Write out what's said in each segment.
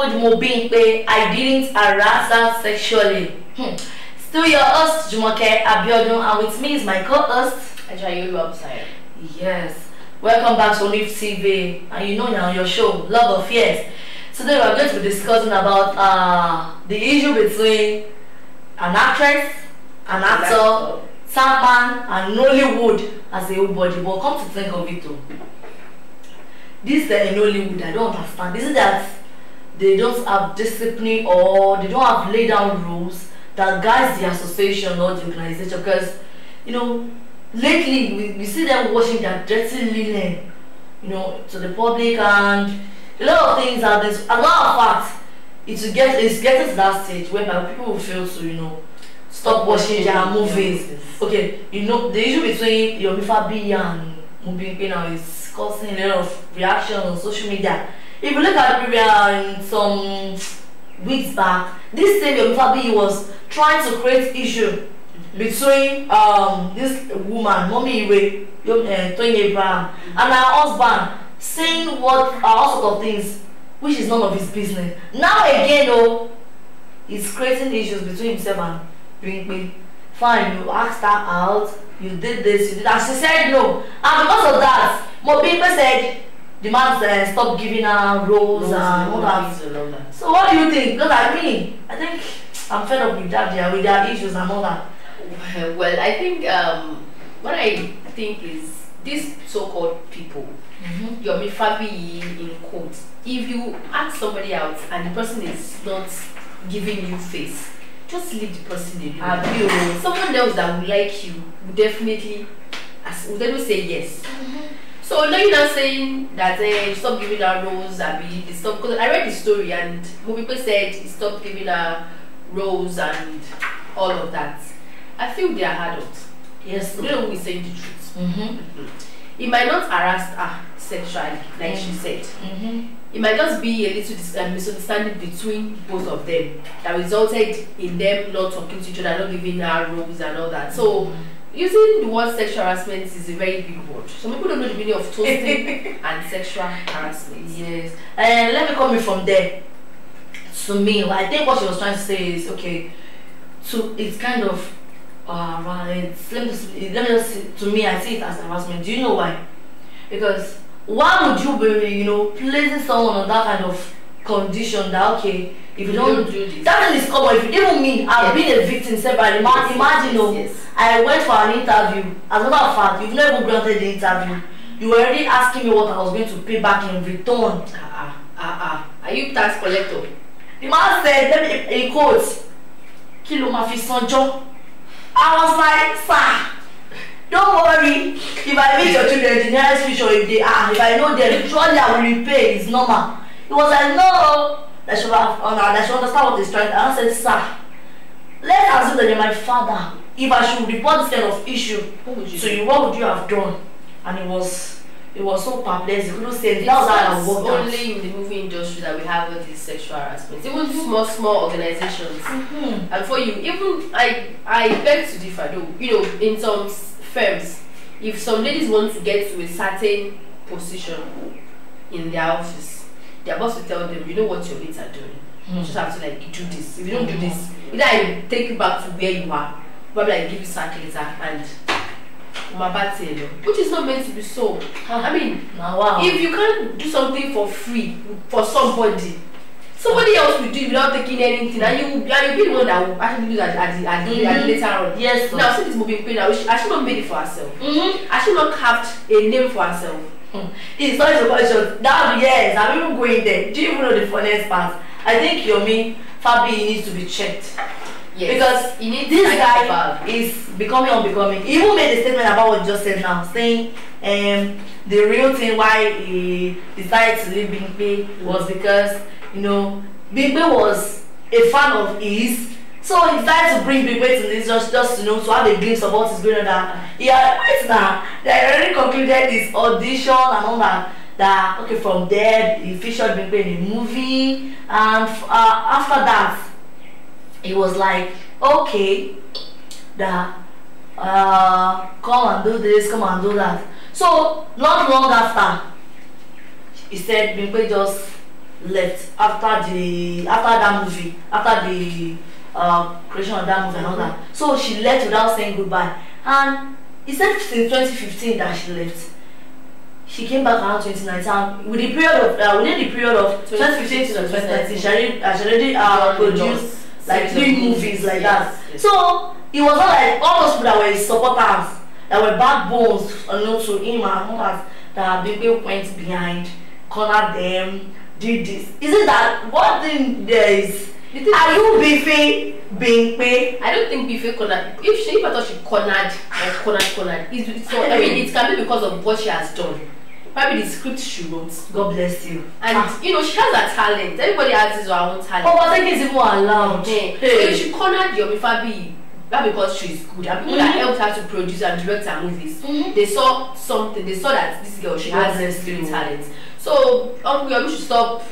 told Mobimpe I didn't harass her sexually. Hmm. Still your host, Jumoke Abiodun, and with me is my co-host, Ajayolu Abusayọ. Yes. Welcome back to Olive TV, and you know now your show, Love of Years. Today we are going to be discussing about uh, the issue between an actress, an actor, Samban, and Nollywood as a whole body. But come to think of it, though. This is uh, Nollywood, I don't understand. This is that they don't have discipline or they don't have laid down rules that guides the association or the organization because you know lately we, we see them washing their dirty linen you know to the public and a lot of things are this a lot of facts it will get it's getting to that stage whereby people will feel to you know stop watching their movies okay you know the issue between Yomifabi Fabiyi and Mubimpe now is causing a lot of reaction on social media if you look at Biria in some weeks back, this same Yorufabi was trying to create issue between um, this woman, Mommy Iwe, eh, Tony Abraham, and her husband, saying what uh, all sorts of things, which is none of his business. Now again, though, he's creating issues between himself and Binkpe. Fine, you asked her out, you did this, you did that. She said no. And because of that, Mobimpe said, the man uh, stop giving her roles Rose and all that. So what do you think? Because I mean, I think I'm fed up with that, yeah, with their issues and all that. Well, I think um, what I think is these so-called people, mm-hmm. in quotes, if you ask somebody out and the person is not giving you face, just leave the person you. Ah, Someone else that will like you will definitely, as, will say yes. Mm -hmm so now you're not saying that eh, stop giving her rose and stop. Cause I read the story and people said stop giving her rose and all of that. I feel they are adults. Yes, you are always saying the truth. Mm -hmm. It might not harass her sexually, like mm -hmm. she mm-hmm. said. Mm mm-hmm. -hmm. It might just be a little um, misunderstanding between both of them that resulted in them not talking to each other, not giving her rose and all that. So mm-hmm using the word sexual harassment is a very big word. Some people don't know the meaning of toasting and sexual harassment. Yes. And eh, let me come in from there. To me, I think what she was trying to say is okay. So it's kind of uh, right. Let me just, let me just see, to me, I see it as harassment. Do you know why? Because why would you be you know placing someone on that kind of condition that okay if you, don't, don't do this that is common if you even mean, i've yeah. been a victim separately yes, imagine oh, yes, oh yes. i went for an interview as a matter of fact you've never granted the interview you were already asking me what i was going to pay back in return ah ah ah ah are you tax collector the man said let me in quotes kí ló ma fi sanjọ́ i was like sir don't worry if i meet your children the nearest future if they are if i know them surely i will repay it's normal He was like, no. That she, that she understand what is trying. And I said, sir, let's assume that you're my father. If I should report this kind of issue you so you, what would you have done? And it was it was so perplexed. He couldn't say that how I worked only out. in the movie industry that we have all these sexual harassment. Even small, small organizations. Mm -hmm. And for you, even I, I beg to differ though, you know, in some firms, if some ladies want to get to a certain position in their office, Their boss to tell them, you know what your mates are doing. Mm. You hmm. just have to like do this. If you don't do hmm. this, either I take you back to where you are, probably I give you sack later and which is not meant to be so. I mean, wow. if you can't do something for free for somebody, somebody else will do it without taking anything, and you will, and you'll be the one that will actually do that at the, at the, at the mm-hmm. later on. Yes. Sir. Now, since it's moving pain, should, I should not make it for herself. Mm -hmm. I should not carved a name for herself. Mm. It's always a question. That yes, I'm even going there. Do you even know the funnest part? I think mean Fabi needs to be checked. Yes. Because you need this guy is becoming unbecoming. He even made a statement about what just said now, saying um, the real thing why he decided to leave Bimpe was because, you know, Bimpe was a fan of his So he decided to bring big weight in this just, just you know to have a glimpse of what is going on there. Yeah, wait now. They already concluded his audition and all that. That okay from there he featured Big in a movie and uh, after that he was like okay that uh, come and do this come and do that. So not long after he said Big just left after the after that movie after the uh, creation of that movie and all that. So she left without saying goodbye. And he said since 2015 that she left. She came back around 2019 with the period of uh, within the period of 2015 to 2019, uh, she already, uh, she already uh, produced like three movies like yes, that. Yes. So it was not like all those people that were supporters, that were backbones unknown to him and others that Bimpe went behind, cornered them, did this. Is it that what thing there is Are you beefing Bimpe? I don't think Bimpe cornered. If she, if I thought she cornered, or cornered, cornered, it's, it's, so, I mean, it can be because of what she has done. Probably the script she wrote. God bless you. And ah. you know she has a talent. Everybody has his own talent. Oh, but I think it's even allowed. Yeah. Hey. So if she cornered Yomi Fabi, that because she's good and people mm -hmm. that mm-hmm. helped her to produce and direct her movies mm -hmm. they saw something they saw that this girl she has a spirit talent so um we should stop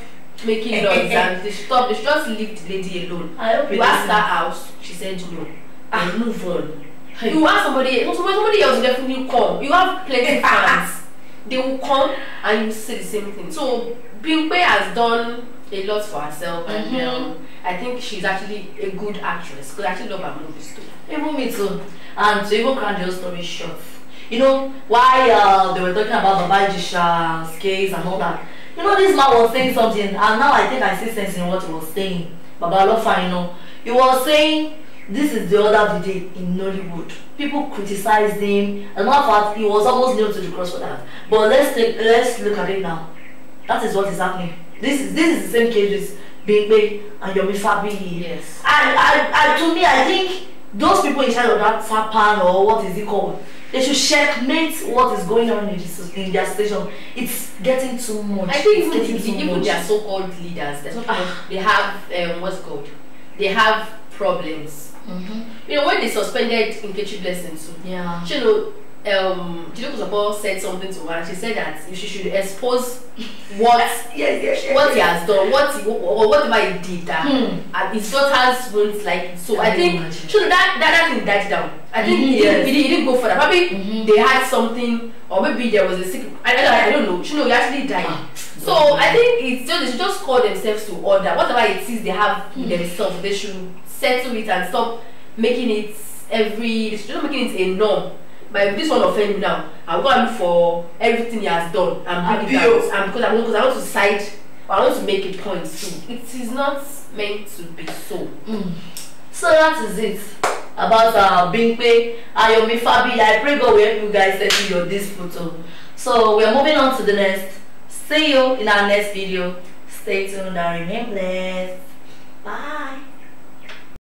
making noise and they stop. They just leave the lady alone. you ask her out. She said no. And ah. move on. You ask somebody, No somebody, somebody else definitely come. You have plenty fans. They will come and you say the same thing. So Bimpe has done a lot for herself mm-hmm. and um, I think she's actually a good actress because I actually love her movies too. Even me too. And to even cut your story short, you know, why uh, they were talking about Baba Jisha's case and all that. You know, this man was saying something, and now I think I see sense in what he was saying. Baba Lofa, you know, he was saying this is the other video in Nollywood. People criticized him. As a matter of fact, he was almost nailed to the cross for that. But let's take, let's look at it now. That is what is happening. This is this is the same case with Bigbe and Yomi Fabi. Yes. And I, I, to me, I think those people in charge of that Sapan or what is it called, they should checkmate what is going on in, this, in their station. It's getting too much. I think it's even, even their so-called leaders, they're ah. they have um, what's called, they have problems. Mm -hmm. You know when they suspended Nkechi Blessing, so yeah, you know um Jidokuzabo said something to her and she said that she should expose what yes, yes, yes, what yes. he has done, what he, or whatever he did that hmm. at uh, his daughter's wounds like so I, I think should that, that that thing died down. I think mm-hmm, he, he, didn't, he didn't go for that. Probably mm-hmm. they had something or maybe there was a sick I, I, I don't know. You know, he actually died. Ah. So I think it's just they should just call themselves to order. Whatever it is they have mm-hmm. themselves, they should settle it and stop making it every they should not making it a norm. my this one offend me now i go look for everything he has done and bring it out and because i want because i want to side i want to make a point too it is not meant to be so. Mm. so that is it about uh, Bimpe Ayomi Fabi i pray god will help you guys settle your this photo so we are moving on to the next see you in our next video stay tuned and remain blessed bye.